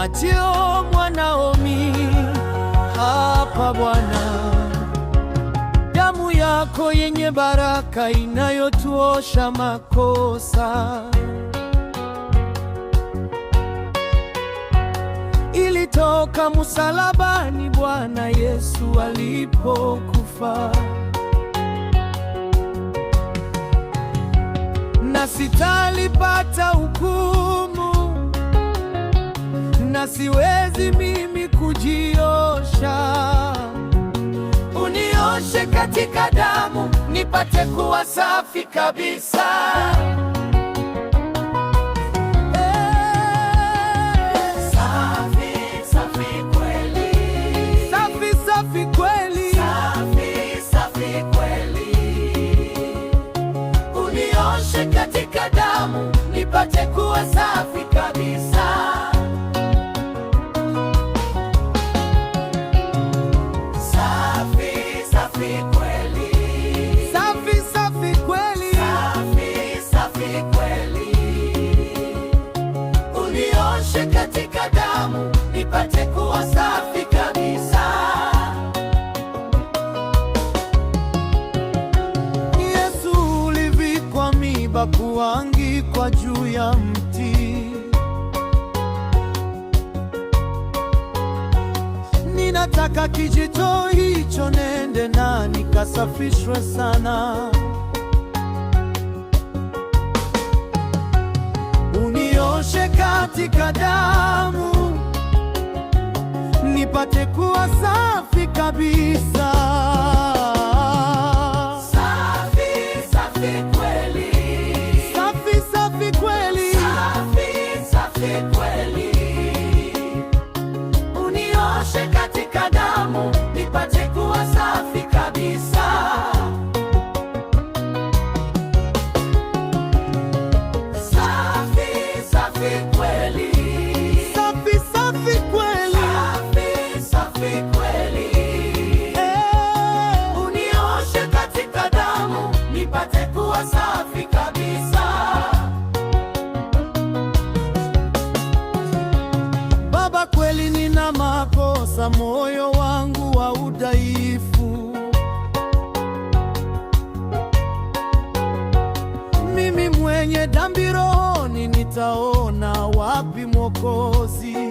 Mateo Omi, hapa Bwana, damu yako yenye baraka inayotuosha makosa ilitoka musalabani Bwana Yesu alipokufa na sitalipata katika damu, nipate kuwa safi kabisa. Unioshe katika damu, nipate kuwa safi kabisa. nataka kijito hicho nende na nikasafishwe sana, unioshe katika damu nipate kuwa safi kabisa. kweli, eh, unioshe katika damu nipate kuwa safi kabisa. Baba, kweli nina makosa, moyo wangu wa udhaifu, mimi mwenye dhambi, rohoni nitaona wapi Mwokozi?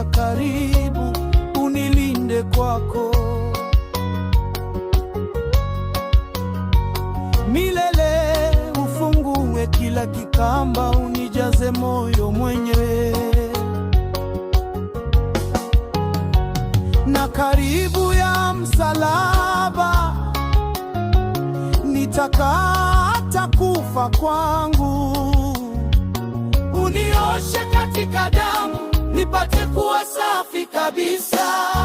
kusonga karibu, unilinde kwako milele, ufungue kila kikamba, unijaze moyo mwenyewe na karibu ya msalaba nitakata kufa kwangu, unioshe katika damu nipate kuwa safi kabisa.